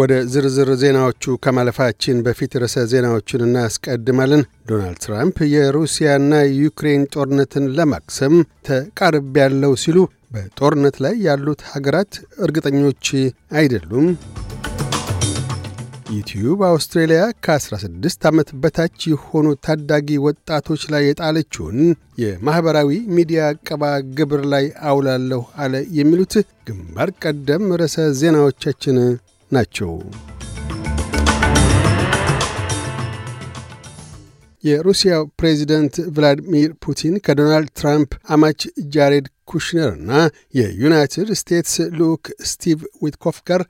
ወደ ዝርዝር ዜናዎቹ ከማለፋችን በፊት ርዕሰ ዜናዎቹን እናስቀድማለን። ዶናልድ ትራምፕ የሩሲያና ዩክሬን ጦርነትን ለማክሰም ተቃርብ ያለው ሲሉ በጦርነት ላይ ያሉት ሀገራት እርግጠኞች አይደሉም። ዩቲዩብ አውስትሬልያ ከ16 ዓመት በታች የሆኑ ታዳጊ ወጣቶች ላይ የጣለችውን የማኅበራዊ ሚዲያ አቀባ ግብር ላይ አውላለሁ አለ። የሚሉት ግንባር ቀደም ርዕሰ ዜናዎቻችን ናቸው። የሩሲያ ፕሬዚደንት ቭላዲሚር ፑቲን ከዶናልድ ትራምፕ አማች ጃሬድ ኩሽነር የዩናይትድ ስቴትስ ልዑክ ስቲቭ ዊትኮፍ ጋር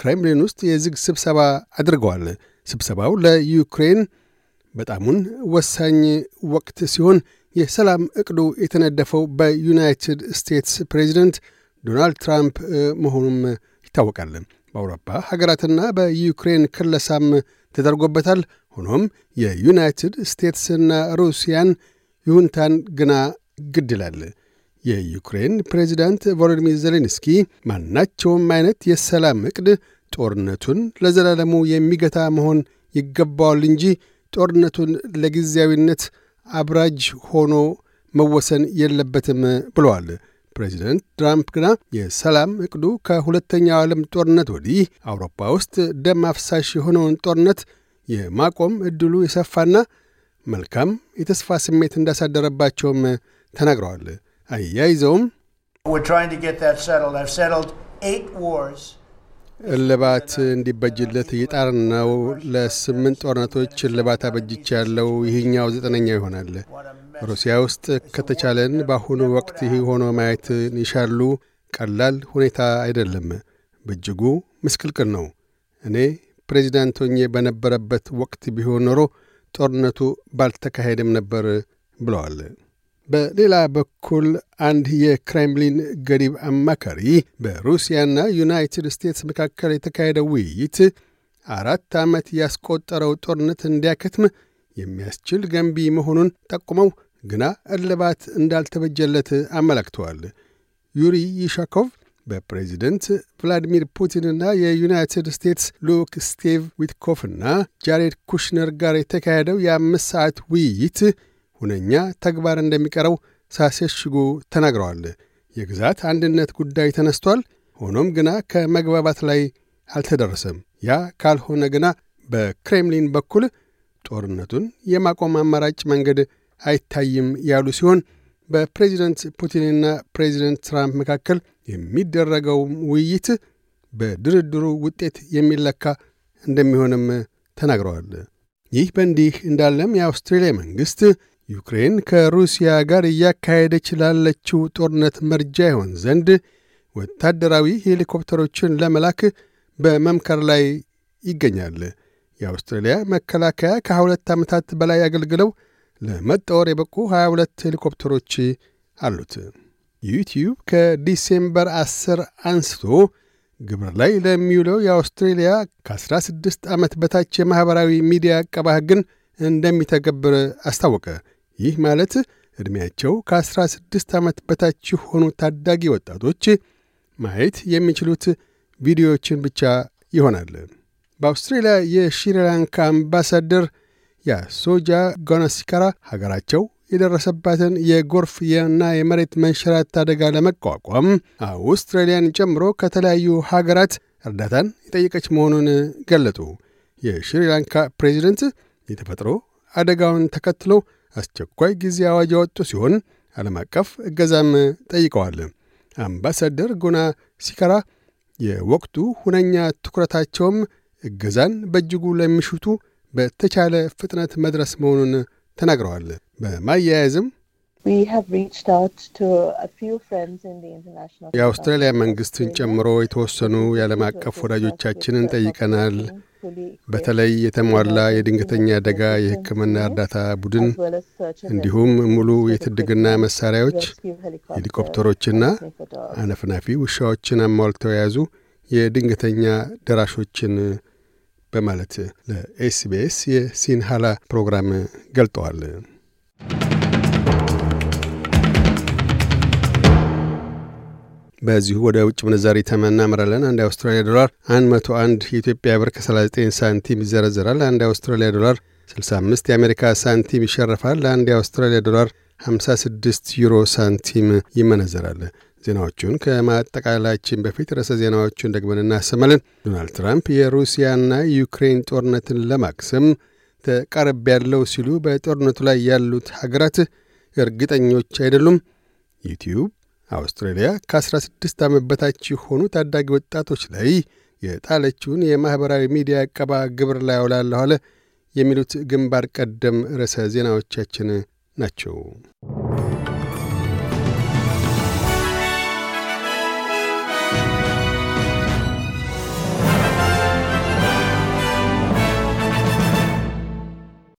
ክሬምሊን ውስጥ የዝግ ስብሰባ አድርገዋል። ስብሰባው ለዩክሬን በጣሙን ወሳኝ ወቅት ሲሆን የሰላም ዕቅዱ የተነደፈው በዩናይትድ ስቴትስ ፕሬዚደንት ዶናልድ ትራምፕ መሆኑም ይታወቃል። በአውሮፓ ሀገራትና በዩክሬን ክለሳም ተደርጎበታል። ሆኖም የዩናይትድ ስቴትስና ሩሲያን ይሁንታን ግና ግድላል። የዩክሬን ፕሬዚዳንት ቮሎዲሚር ዜሌንስኪ ማናቸውም አይነት የሰላም እቅድ ጦርነቱን ለዘላለሙ የሚገታ መሆን ይገባዋል እንጂ ጦርነቱን ለጊዜያዊነት አብራጅ ሆኖ መወሰን የለበትም ብለዋል። ፕሬዚደንት ትራምፕ ግና የሰላም እቅዱ ከሁለተኛው ዓለም ጦርነት ወዲህ አውሮፓ ውስጥ ደም አፍሳሽ የሆነውን ጦርነት የማቆም እድሉ የሰፋና መልካም የተስፋ ስሜት እንዳሳደረባቸውም ተናግረዋል። አያይዘውም እልባት እንዲበጅለት እየጣርን ነው። ለስምንት ጦርነቶች እልባት አበጅቻ ያለው ይህኛው ዘጠነኛ ይሆናል። ሩሲያ ውስጥ ከተቻለን በአሁኑ ወቅት ይህ ሆኖ ማየትን ይሻሉ። ቀላል ሁኔታ አይደለም፣ በእጅጉ ምስቅልቅል ነው። እኔ ፕሬዚዳንት ሆኜ በነበረበት ወቅት ቢሆን ኖሮ ጦርነቱ ባልተካሄደም ነበር ብለዋል። በሌላ በኩል አንድ የክሬምሊን ገሪብ አማካሪ በሩሲያና ዩናይትድ ስቴትስ መካከል የተካሄደው ውይይት አራት ዓመት ያስቆጠረው ጦርነት እንዲያከትም የሚያስችል ገንቢ መሆኑን ጠቁመው ግና እልባት እንዳልተበጀለት አመላክተዋል። ዩሪ ይሻኮቭ በፕሬዚደንት ቭላዲሚር ፑቲንና የዩናይትድ ስቴትስ ልዑክ ስቲቭ ዊትኮፍና ጃሬድ ኩሽነር ጋር የተካሄደው የአምስት ሰዓት ውይይት ሁነኛ ተግባር እንደሚቀረው ሳሴሽጉ ተናግረዋል። የግዛት አንድነት ጉዳይ ተነስቷል። ሆኖም ግና ከመግባባት ላይ አልተደረሰም። ያ ካልሆነ ግና በክሬምሊን በኩል ጦርነቱን የማቆም አማራጭ መንገድ አይታይም ያሉ ሲሆን በፕሬዚደንት ፑቲንና ፕሬዚደንት ትራምፕ መካከል የሚደረገው ውይይት በድርድሩ ውጤት የሚለካ እንደሚሆንም ተናግረዋል። ይህ በእንዲህ እንዳለም የአውስትሬልያ መንግሥት ዩክሬን ከሩሲያ ጋር እያካሄደች ላለችው ጦርነት መርጃ ይሆን ዘንድ ወታደራዊ ሄሊኮፕተሮችን ለመላክ በመምከር ላይ ይገኛል። የአውስትሬልያ መከላከያ ከሁለት ዓመታት በላይ አገልግለው ለመጣወር የበቁ 22 ሄሊኮፕተሮች አሉት። ዩቲዩብ ከዲሴምበር 10 አንስቶ ግብር ላይ ለሚውለው የአውስትሬልያ ከ16 ዓመት በታች የማኅበራዊ ሚዲያ ዕቀባ ሕግን እንደሚተገብር አስታወቀ። ይህ ማለት ዕድሜያቸው ከ16 ዓመት በታች የሆኑ ታዳጊ ወጣቶች ማየት የሚችሉት ቪዲዮዎችን ብቻ ይሆናል። በአውስትሬልያ የሽሪላንካ አምባሳደር የሶጃ ጎናሲካራ ሀገራቸው የደረሰባትን የጎርፍ እና የመሬት መንሸራት አደጋ ለመቋቋም አውስትራሊያን ጨምሮ ከተለያዩ ሀገራት እርዳታን የጠየቀች መሆኑን ገለጡ። የሽሪላንካ ፕሬዚደንት የተፈጥሮ አደጋውን ተከትሎ አስቸኳይ ጊዜ አዋጅ ያወጡ ሲሆን ዓለም አቀፍ እገዛም ጠይቀዋል። አምባሳደር ጎና ሲካራ የወቅቱ ሁነኛ ትኩረታቸውም እገዛን በእጅጉ ለሚሽቱ በተቻለ ፍጥነት መድረስ መሆኑን ተናግረዋል። በማያያዝም የአውስትራሊያ መንግስትን ጨምሮ የተወሰኑ የዓለም አቀፍ ወዳጆቻችንን ጠይቀናል። በተለይ የተሟላ የድንገተኛ አደጋ የሕክምና እርዳታ ቡድን እንዲሁም ሙሉ የትድግና መሳሪያዎች፣ ሄሊኮፕተሮችና አነፍናፊ ውሻዎችን አሟልተው የያዙ የድንገተኛ ደራሾችን በማለት ለኤስቢኤስ የሲንሃላ ፕሮግራም ገልጠዋል። በዚሁ ወደ ውጭ ምንዛሪ ተመናምራለን። አንድ የአውስትራሊያ ዶላር 101 የኢትዮጵያ ብር ከ39 ሳንቲም ይዘረዘራል። አንድ የአውስትራሊያ ዶላር 65 የአሜሪካ ሳንቲም ይሸርፋል። አንድ የአውስትራሊያ ዶላር 56 ዩሮ ሳንቲም ይመነዘራል። ዜናዎቹን ከማጠቃላያችን በፊት ርዕሰ ዜናዎቹን ደግመን እናሰማለን። ዶናልድ ትራምፕ የሩሲያና ዩክሬን ጦርነትን ለማክሰም ተቃረብ ያለው ሲሉ በጦርነቱ ላይ ያሉት ሀገራት እርግጠኞች አይደሉም። ዩቲዩብ አውስትራሊያ ከ16 ዓመት በታች የሆኑ ታዳጊ ወጣቶች ላይ የጣለችውን የማኅበራዊ ሚዲያ ዕቀባ ግብር ላይ ያውላለኋለ የሚሉት ግንባር ቀደም ርዕሰ ዜናዎቻችን ናቸው።